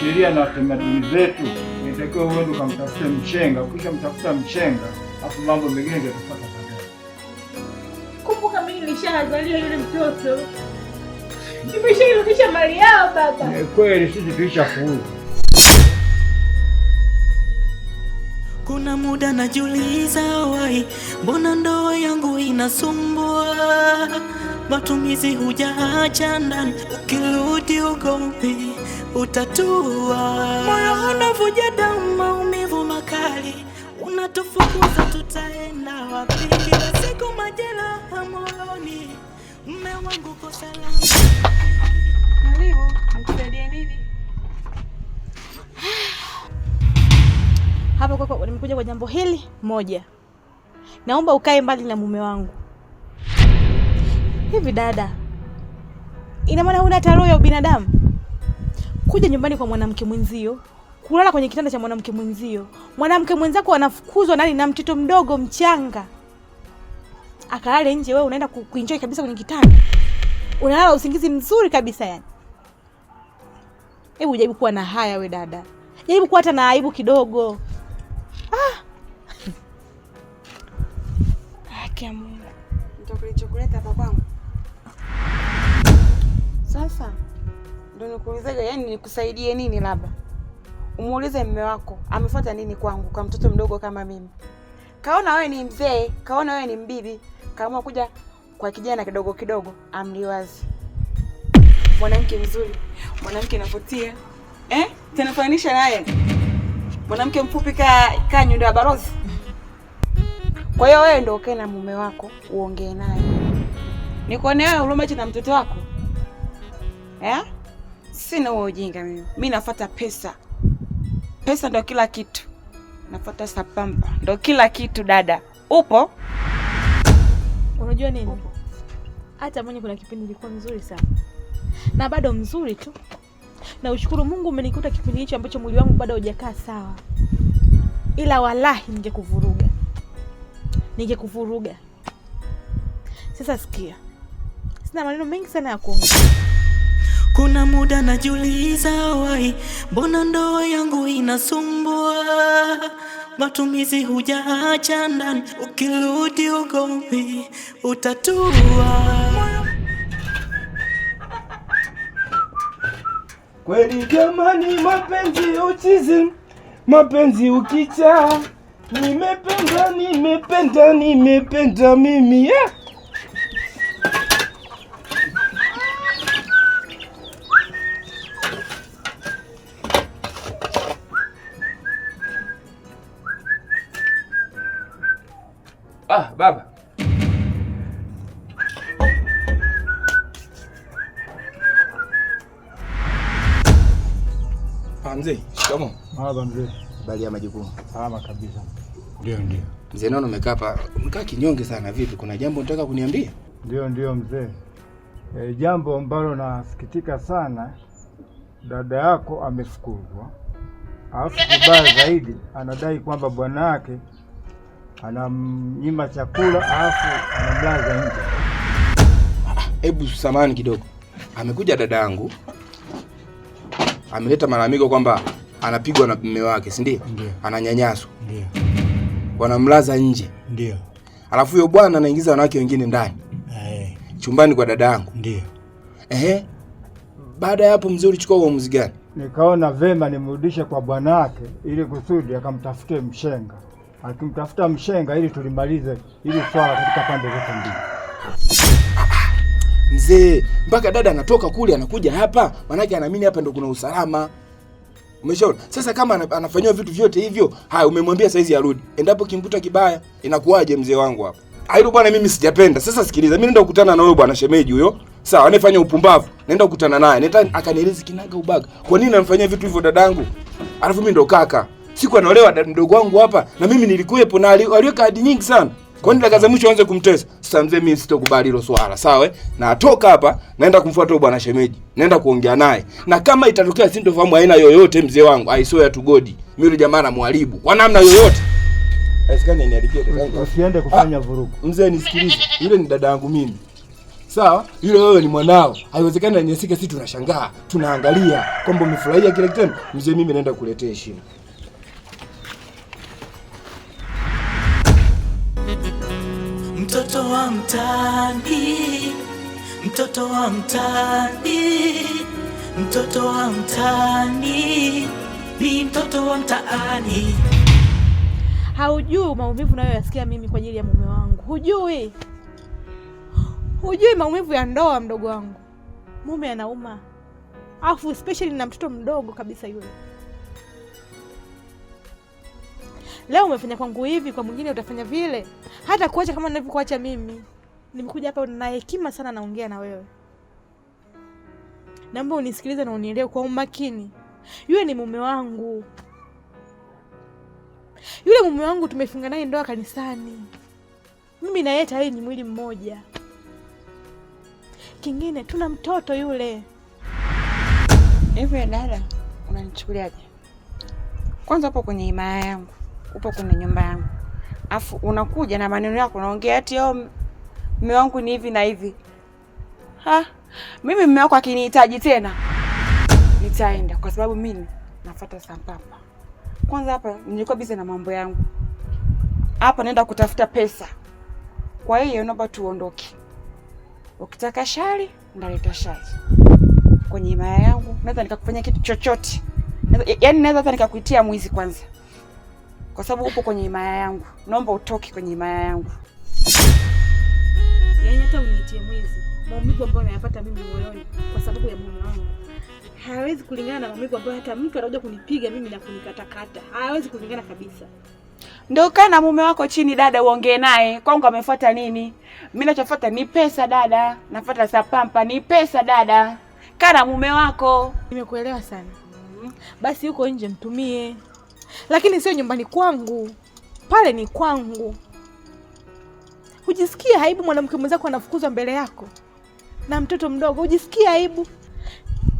sheria na tamaduni zetu, inatakiwa uende ukamtafuta mchenga. Ukisha mtafuta mchenga, afu mambo mengine yatafuata. Kumbuka mimi nilishazalia yule mtoto, nimeshairudisha mali yao baba. Ni eh, kweli sisi tuisha kuuza Kuna muda najiuliza, wai, mbona ndoa yangu inasumbua? Matumizi hujaacha ndani, ukirudi ugopi utatua. Moyo unavuja damu, maumivu makali, unatufukuza tutaenda wapi? Kila siku majeraha moyoni, mume wangu kosa langu. Karibu, nikusaidie nini? Hapo kwako nimekuja kwa jambo hili moja. Naomba ukae mbali na mume wangu. Hivi dada, ina maana huna taruhu ya ubinadamu? kuja nyumbani kwa mwanamke mwenzio, kulala kwenye kitanda cha mwanamke mwenzio, mwanamke mwenzako anafukuzwa nani na mtoto mdogo mchanga akalale nje, wewe unaenda kuenjoy kabisa kwenye kitanda, unalala usingizi mzuri kabisa yani. Hebu jaribu kuwa na haya we dada, jaribu kuwa hata na aibu kidogo. Ah, ah kwangu sasa. Ndio nikuulizaga, yani nikusaidie nini? Labda umuulize mme wako amefuata nini kwangu, kwa mtoto mdogo kama mimi. Kaona wewe ni mzee, kaona wewe ni mbibi, kaamua kuja kwa kijana kidogo kidogo, amliwazi. Mwanamke mzuri, mwanamke anavutia, eh? Tunafananisha naye mwanamke mfupi ka ka nyundo ya barozi. Kwa hiyo wewe ndio ukae na mume wako uongee naye, nikuone wewe ulomachi na mtoto wako eh? Sina huo ujinga mimi. mi nafata pesa, pesa ndo kila kitu. nafata sapamba ndo kila kitu. Dada upo? Unajua nini, upo. Hata mwenye kuna kipindi ilikuwa mzuri sana na bado mzuri tu, na ushukuru Mungu umenikuta kipindi hicho ambacho mwili wangu bado haujakaa sawa, ila walahi ningekuvuruga, ningekuvuruga. Sasa sikia, sina maneno mengi sana ya kuongea kuna muda najiuliza wai, mbona ndoa yangu inasumbua? Matumizi hujaacha ndani, ukirudi ugomvi utatua. Kweli jamani, mapenzi uchizi, mapenzi ukicha, nimependa nimependa nimependa mimi yeah. Ah, baba ah, mzee, ah, mzee. Habari ya majukumu. Salama kabisa. Ndio, ndio. Mzee Nono, umekaa hapa mkaa kinyonge sana, vipi? Kuna jambo unataka kuniambia? Ndio, ndio mzee. E, jambo ambalo nasikitika sana, dada yako amefukuzwa, alafu kubaya zaidi anadai kwamba bwana yake anamnyima chakula alafu anamlaza nje. Hebu samani kidogo, amekuja dada yangu ameleta malalamiko kwamba anapigwa na mume wake, si ndio? Ananyanyaswa, wanamlaza nje, ndio. Alafu huyo bwana anaingiza wanawake wengine ndani eh. chumbani kwa dada yangu, ndio. Ehe, baada ya hapo mzee, ulichukua uamuzi gani? Nikaona vema nimrudishe kwa bwana wake ili kusudi akamtafute mshenga akimtafuta mshenga ili tulimalize ili swala katika pande zote mbili. Mzee, mpaka dada anatoka kule anakuja hapa, manake anaamini hapa ndo kuna usalama. Umeshaona? Sasa kama anafanyiwa vitu vyote hivyo, haya umemwambia saizi arudi. Endapo kimkuta kibaya, inakuwaje mzee wangu hapa? Hayo bwana mimi sijapenda. Sasa sikiliza, mimi nenda kukutana na wewe bwana shemeji huyo. Sawa, anayefanya upumbavu. Nenda kukutana naye. Nenda akanieleze kinaga ubaga. Kwa nini anamfanyia vitu hivyo dadangu? Alafu mimi ndo kaka siku anaolewa mdogo wangu hapa, na mimi nilikuwepo na aliweka hadi nyingi sana. kwani nini dakika za mwisho aanze kumtesa? Sasa mzee, mimi sitokubali hilo swala, sawa? Na atoka hapa, naenda kumfuata bwana shemeji. Naenda kuongea naye. Na kama itatokea sintofahamu aina yoyote mzee wangu, I swear to God, mimi yule jamaa namwharibu kwa namna yoyote. Asikane niharibie kaka. Usiende kufanya vurugu. Mzee, nisikilize. Yule ni dada yangu mimi. Sawa? Yule wewe ni mwanao. Haiwezekani anyanyasike, sisi tunashangaa, tunaangalia kwamba umefurahia kile kitendo. Mzee, mimi naenda kuletea heshima. mtaani, mtoto wa mtaani, mtoto wa mtaani ni mtoto wa mtaani. Haujui maumivu nayoyasikia mimi kwa ajili ya mume wangu, hujui, hujui maumivu ya ndoa, mdogo wangu. Mume anauma, afu especially na mtoto mdogo kabisa yule. leo umefanya kwangu hivi, kwa mwingine utafanya vile, hata kuacha kama nilivyokuacha mimi. Nimekuja hapa na hekima sana, naongea na wewe, naomba unisikilize na unielewe kwa umakini. Yule ni mume wangu, yule mume wangu tumefunga naye ndoa kanisani. Mimi na yeye tayari ni mwili mmoja. Kingine tuna mtoto yule. Hivyo dada, unanichukuliaje? Kwanza hapo kwenye imaya yangu upo kwenye nyumba yangu, afu unakuja na maneno yako unaongea ati oh, mume wangu ni hivi na hivi. Ha, mimi mume wako akinihitaji tena nitaenda, kwa sababu mimi nafuata sambamba. Kwanza hapa nilikuwa bize na mambo yangu hapa, naenda kutafuta pesa. Kwa hiyo naomba tuondoke, ukitaka shari ndaleta shari kwenye himaya yangu, naweza nikakufanya kitu chochote, yaani naweza hata nikakuitia mwizi kwanza kwa sababu upo kwenye himaya yangu. Naomba utoke kwenye himaya yangu. Yaani hata unitie mwizi, maumivu ambayo nayapata mimi moyoni kwa sababu ya mume wangu hayawezi kulingana na maumivu ambayo hata mtu anakuja kunipiga mimi na kunikatakata, hayawezi kulingana kabisa. Ndio, kaa na mume wako chini dada, uongee naye. Kwangu amefuata nini? Mimi nachofuata ni pesa dada, nafuata sapampa ni pesa dada. Kaa na mume wako. Nimekuelewa sana. Mm-hmm. Basi yuko nje mtumie lakini sio nyumbani kwangu, pale ni kwangu. Hujisikia aibu mwanamke mwenzako anafukuzwa mbele yako na mtoto mdogo? Hujisikia aibu?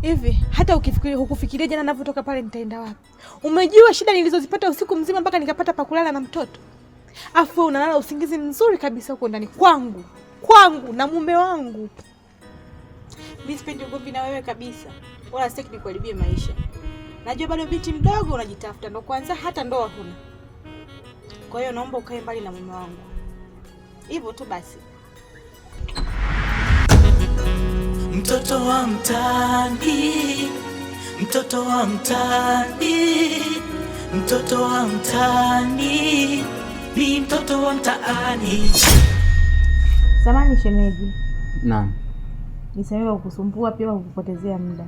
Hivi hata ukifikiri, hukufikiria jana navyotoka pale nitaenda wapi? Umejua shida nilizozipata usiku mzima mpaka nikapata pakulala na mtoto, afu wewe unalala usingizi mzuri kabisa huko ndani kwangu, kwangu na mume wangu. Mi sipendi ugomvi na wewe kabisa, wala sitaki nikuharibie maisha. Najua bado binti mdogo unajitafuta, ndo kwanza hata ndoa huna. Kwa hiyo naomba ukae mbali na mume wangu, hivyo tu basi. Mtoto wa mtaani, mtoto wa mtaani, mtoto wa mtaani ni mtoto wa mtaani. Samani shemeji. Naam, nisamehe kukusumbua pia kukupotezea muda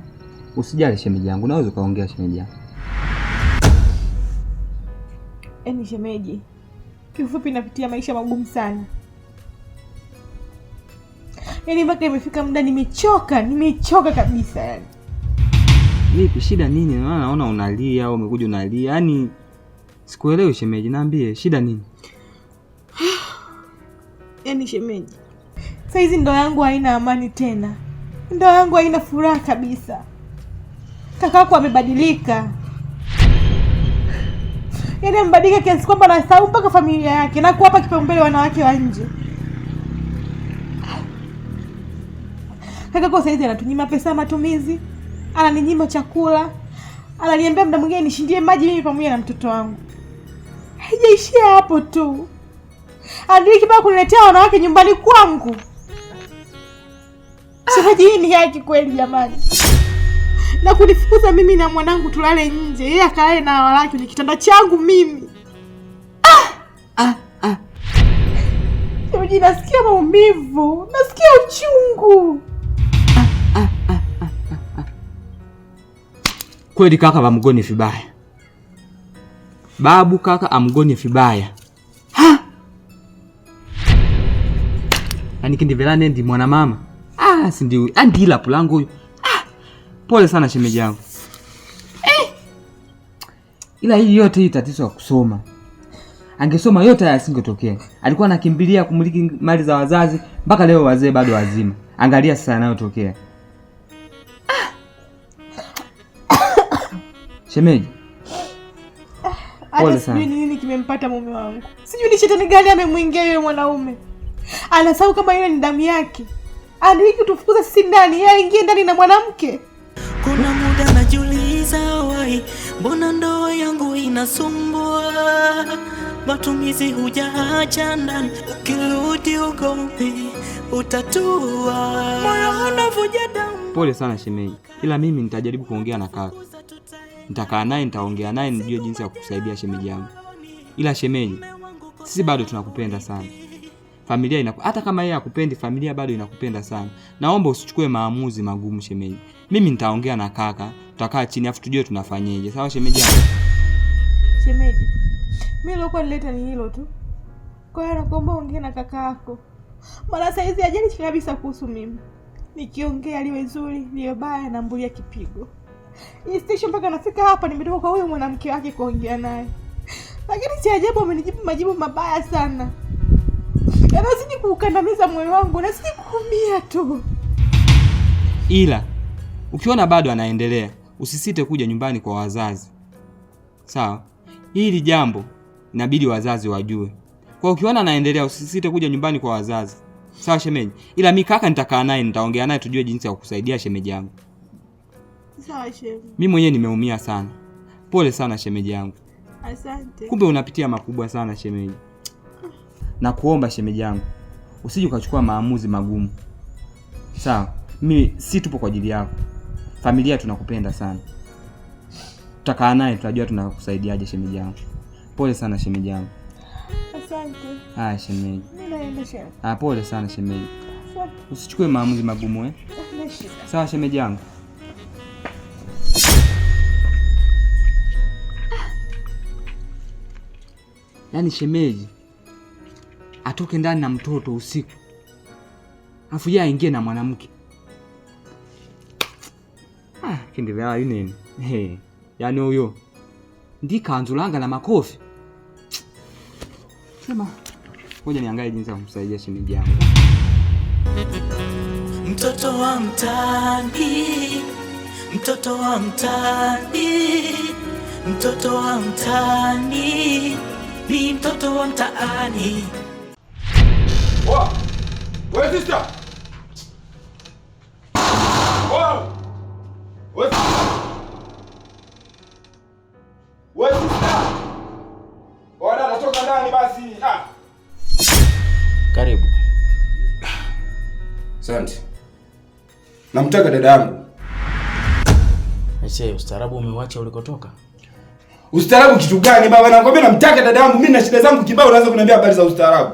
Usijali shemeji yangu, naweza ukaongea shemeji yangu. Yaani shemeji, kifupi napitia maisha magumu sana, yaani mpaka imefika muda nimechoka, nimechoka kabisa. Yani vipi, shida nini? Naona unalia au umekuja unalia, yaani sikuelewi shemeji, naambie shida nini? Yaani shemeji, saizi ndo yangu haina amani tena, ndo yangu haina furaha kabisa kakaako amebadilika, yaani amebadilika kiasi kwamba anasahau mpaka familia yake na kuwapa kipaumbele wanawake wa nje. kakako saizi anatunyima pesa ya matumizi, ananinyima chakula, ananiambia mda mwingine nishindie maji mimi pamoja na mtoto wangu. Haijaishia hapo tu, anadiriki mpaka kuniletea wanawake nyumbani kwangu. Shemeji, hii ni haki kweli jamani? na kunifukuza mimi na mwanangu tulale nje, yeye akalale na walaki kwenye kitanda changu mimi. Ah! Ah, ah. Joji, nasikia maumivu, nasikia uchungu. Kweli kaka wamgoni vibaya, babu kaka amgoni vibaya anikindivela nendi mwana mama ah, sindi andila ah, pulango huyo Pole sana shemeji yangu eh. Ila hii yote hii tatizo ya kusoma, angesoma yote haya asingetokea. Alikuwa anakimbilia kumiliki mali za wazazi, mpaka leo wazee bado wazima. Angalia sasa yanayotokea. Shemeji, hata sijui nini kimempata mume wangu, sijui ni shetani gani amemwingia yule mwanaume. Anasahau kama ile ni damu yake, andiiki tufukuza sisi ndani, yeye aingie ndani na mwanamke kuna muda najiuliza wai, mbona ndoa yangu inasumbua? Matumizi hujaacha ndani, ukirudi ugomvi utatua, moyo unavuja damu. Pole sana shemeji, ila mimi nitajaribu kuongea na kaka, nitakaa naye, nitaongea naye nijue jinsi ya kukusaidia shemeji yangu. Ila shemeji, sisi bado tunakupenda sana familia ina, hata kama yeye hakupendi, familia bado inakupenda sana. Naomba usichukue maamuzi magumu shemeji. Mimi nitaongea na kaka, tutakaa chini afu tujue tunafanyaje. Sawa shemeji Shemeji, mimi lokuwa nileta ni hilo tu. Kwa hiyo nakuomba ongea na kaka yako. Mara saizi ajali kabisa kuhusu mimi. Nikiongea liwe zuri, liwe baya na mbulia kipigo. Istisho mpaka nafika hapa nimetoka kwa huyo mwanamke wake kuongea naye. Lakini si ajabu amenijibu majibu mabaya sana. Anazidi kuukandamiza moyo wangu, anazidi kuumia tu. Ila Ukiona bado anaendelea, usisite kuja nyumbani kwa wazazi, sawa? Hili jambo inabidi wazazi wajue. Kwa ukiona anaendelea, usisite kuja nyumbani kwa wazazi, sawa shemeji? Ila mi kaka nitakaa naye, nitaongea naye tujue jinsi ya kukusaidia shemeji yangu. Sawa shemeji. Mimi mwenyewe nimeumia sana, pole sana shemeji yangu. Asante. Kumbe unapitia makubwa sana shemeji. Nakuomba shemeji yangu usije ukachukua maamuzi magumu, sawa? Mimi si tupo kwa ajili yako familia tunakupenda sana, tutakaa naye, tutajua tunakusaidiaje. Shemeji yangu, pole sana shemeji yangu. Haya shemeji. Ah, pole sana shemeji, usichukue maamuzi magumu eh. eh Sawa shemeji yangu. Ah. Yaani shemeji atoke ndani na mtoto usiku, afu ye aingie na mwanamke Ah, kindivyayo inene hey. yani uyo ndikhanzu langa la makofi sema ngoja niangalie jinsi ya kumsaidia shemeji yangu mtoto wa mtaani mtoto wa mtaani mtoto wa mtaani ni mtoto wa mtaani. Wow. Wewe sister karibu. Asante. Namtaka dada yangu. Aisee, ustaarabu umewacha ulikotoka? Ustaarabu kitu gani baba? Nakwambia namtaka dada yangu. Mimi na shida zangu kibao, unaanza kuniambia habari za ustaarabu.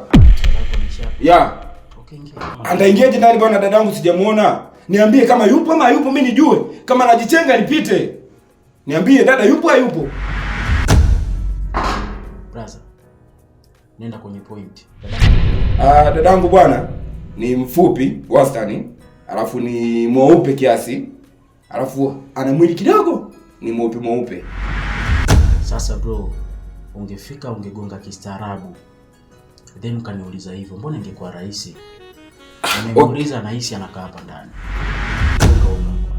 Ya. Yeah. Okay, Anda ingia ndani bwana, dada yangu sijamuona niambie kama yupo ama hayupo, mimi nijue. Kama najichenga nipite, niambie dada, yupo hayupo? Brother, nenda kwenye point. Ah, dadangu bwana ni mfupi wastani, alafu ni mweupe kiasi, alafu ana mwili kidogo, ni mweupe mweupe. Sasa bro, ungefika ungegonga kistaarabu, then ukaniuliza hivyo, mbona ingekuwa rahisi? Nimemuuliza nahisi anakaa hapa ndani. Gonga mlango.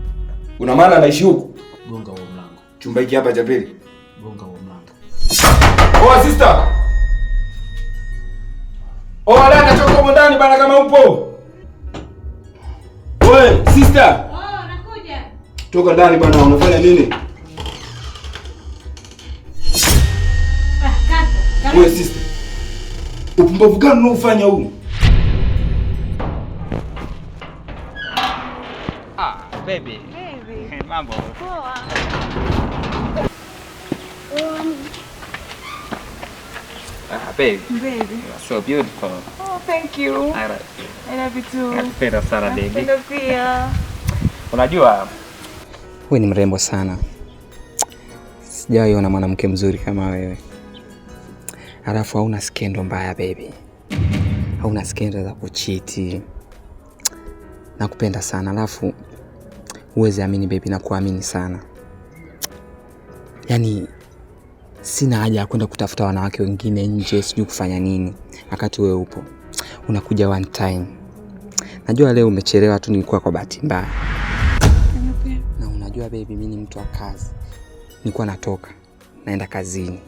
Una maana anaishi huko? Gonga huo mlango. Chumba hiki hapa cha pili. Gonga huo mlango. Oh sister. Oh lana choko huko ndani bana kama upo. Wewe sister. Oh nakuja. Toka ndani bana unafanya nini? Wewe ah, sister. Upumbavu gani unaofanya huko? baby. Mambo. Poa. Um. Ah, baby. Baby. You are so beautiful. Oh, thank you. I love you. I love you too. sana baby. Unajua wewe ni mrembo sana. Sijawahi ona mwanamke mzuri kama wewe. Alafu hauna skendo mbaya baby. Hauna skendo za kuchiti. Nakupenda sana. Alafu Huwezi amini baby, na kuamini sana. yani sina haja ya kwenda kutafuta wanawake wengine nje, sijui kufanya nini, wakati wewe upo unakuja one time. Najua leo umechelewa tu, nilikuwa kwa bahati mbaya. Na unajua baby, mimi ni mtu wa kazi, nilikuwa natoka naenda kazini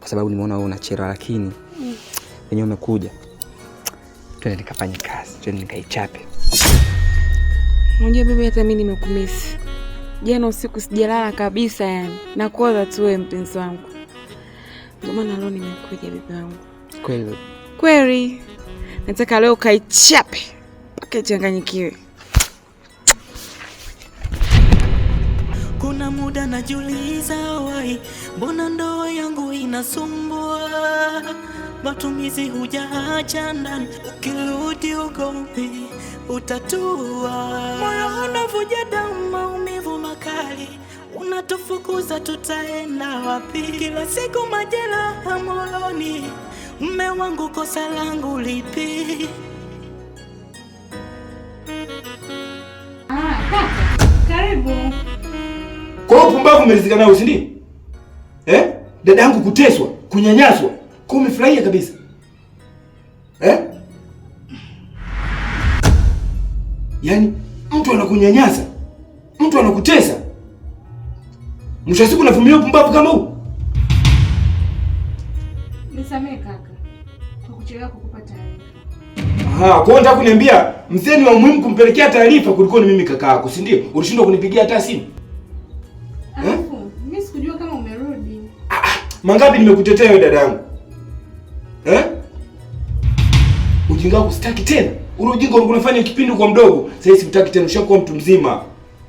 kwa sababu nimeona wewe unachelewa, lakini wenyewe mm. umekuja. Twende nikafanye kazi, twende nikaichape. Unajua mimi hata mimi nimekumisi. Jana usiku sijalala kabisa, yani kuwaza tu wewe, mpenzi wangu. Ndio maana leo nimekuja bibi wangu. Kweli kweli, nataka leo kaichape paka ichanganyikiwe. Kuna muda najiuliza, wai, mbona ndoa yangu inasumbua? Matumizi hujaacha ndani, ukirudi ugopi utatua. Moyo unavuja damu, maumivu makali, unatufukuza tutaenda wapi? Kila siku majeraha moyoni, mme wangu, kosa langu lipi? Karibu. Kwa upumbavu umeridhika nao, si ndio? Eh? Dada yangu kuteswa, kunyanyaswa, kwa kabisa. Yaani mtu anakunyanyasa, mtu anakutesa, mwisho wa siku unavumilia upumbavu kama huu? Nisamee kaka kwa kuchelewa kukupa taarifa. Aha, kwa hiyo nataka kuniambia mzee ni wa muhimu kumpelekea taarifa kuliko ni mimi kaka yako, si ndio? Ulishindwa kunipigia hata simu. Eh? Mimi sikujua kama umerudi. Ah, ah mangapi nimekutetea wewe dadangu? Eh? Ujinga kustaki tena. Ule ujinga ulikuwa unafanya kipindi kwa mdogo, sasa hivi sitaki tena, ushakuwa mtu mzima.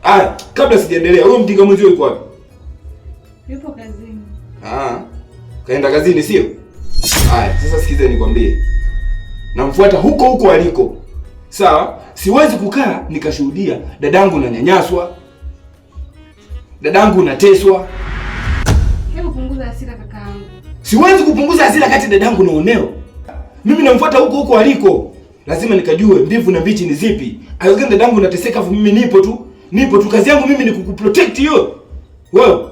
Ah, kabla sijaendelea, ule mjinga mwenzio yuko wapi? Yupo kazini. Ah. Kaenda kazini sio? Haya, sasa sikiza nikwambie. Namfuata huko huko aliko. Sawa? Siwezi kukaa nikashuhudia dadangu nanyanyaswa. Dadangu unateswa. Hebu punguza hasira kakaangu. Siwezi kupunguza hasira kati dadangu na oneo. Mimi namfuata huko huko aliko lazima nikajue mbivu na mbichi ni zipi. Aiwezekani dadangu nateseka, afu mimi nipo tu, nipo tu, kazi yangu mimi ni kukuprotect hiyo wewe.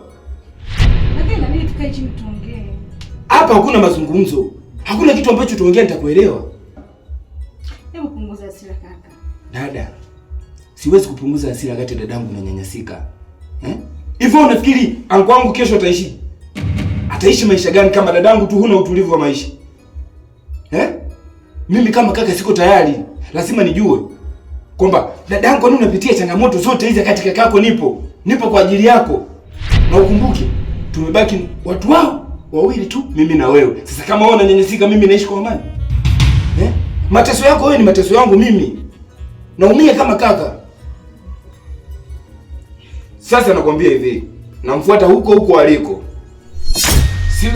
Lakini na nini, chini tuongee hapa. Hakuna mazungumzo, hakuna kitu ambacho tuongea nitakuelewa. Hebu punguza hasira kaka. Dada, siwezi kupunguza hasira kati dadangu na nyanyasika hivyo eh? Unafikiri anko wangu kesho ataishi ataishi maisha gani kama dadangu tu huna utulivu wa maisha? Mimi kama kaka siko tayari, lazima nijue kwamba dada yangu, kwani unapitia changamoto zote hizi katika kaka yako? Nipo, nipo kwa ajili yako, na ukumbuke tumebaki watu wao wawili tu, mimi na wewe. Sasa kama wewe unanyanyasika, mimi naishi kwa amani eh? Mateso yako wewe ni mateso yangu mimi, naumia kama kaka. Sasa nakwambia hivi, namfuata huko huko aliko,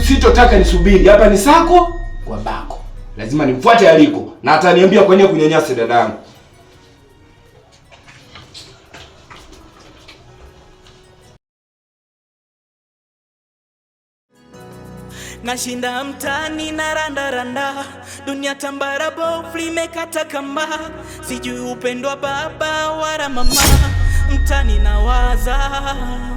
sitotaka nisubiri hapa, ni sako kwa bako lazima nimfuate aliko, na ataniambia kwenye kunyanyasa dada yangu. Nashinda mtani na randaranda, dunia tambara, bovu limekata kamba, sijui upendwa baba wala mama, mtani na waza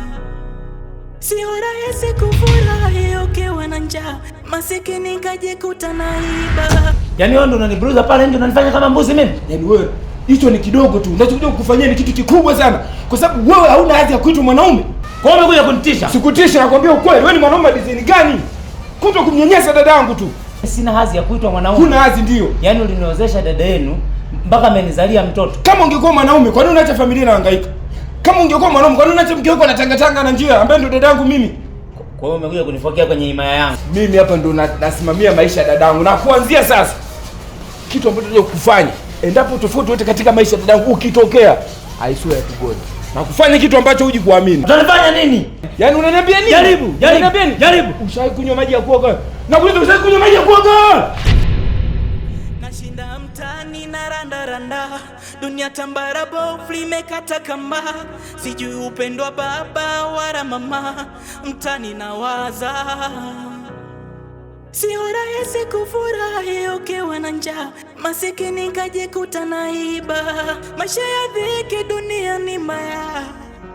Sio rahisi kufurahi ukiwa na njaa, masikini kajikuta naiba. Yaani wewe ndo unanibruza pale nje, unanifanya kama mbuzi mimi? Yaani wewe hicho ni kidogo tu, unachokuja kukufanyia ni kitu kikubwa sana, kwa sababu wewe hauna hadhi ya kuitwa mwanaume. Kwa hiyo umekuja kunitisha? Sikutisha, nakwambia ukweli. Wewe ni mwanaume design gani? Kuto kumnyanyasa dada yangu tu. Sina hadhi ya kuitwa mwanaume. Kuna hadhi ndio. Yaani uliniozesha dada yenu mpaka amenizalia mtoto. Kama ungekuwa mwanaume, kwa nini unaacha familia inahangaika? Kama ungekuwa mwanaume, kwa nini unaacha mke wako anatangatanga na njia ambaye ndo dadangu mimi? Kwa hiyo umekuja kunifokea kwenye himaya yangu. Mimi hapa ndo nasimamia maisha ya dadangu na kuanzia sasa. Kitu ambacho unataka kufanya, endapo tofauti wote katika maisha ya dadangu ukitokea, I swear to God. Na kufanya kitu ambacho huji kuamini. Unanifanya nini? Yaani unaniambia nini? Jaribu, jaribu, jaribu. Ushawahi kunywa maji ya kuoga? Nakuuliza ushawahi kunywa maji ya kuoga? Nashinda mtani na randa randa dunia tambara bovu limekata kamba, sijui upendwa baba wala mama, mtani na waza Sio rahisi kufurahi ukiwa na njaa, masikini kajikuta iba, Maisha ya dhiki dunia ni maya,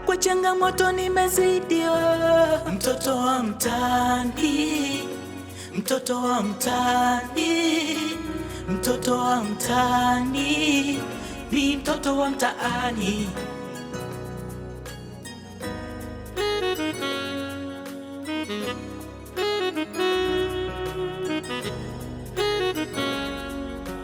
kwa changamoto nimezidiwa. Mtoto wa mtaani, mtoto wa mtaani, mtoto wa mtaani Bi mtoto wa mtaani.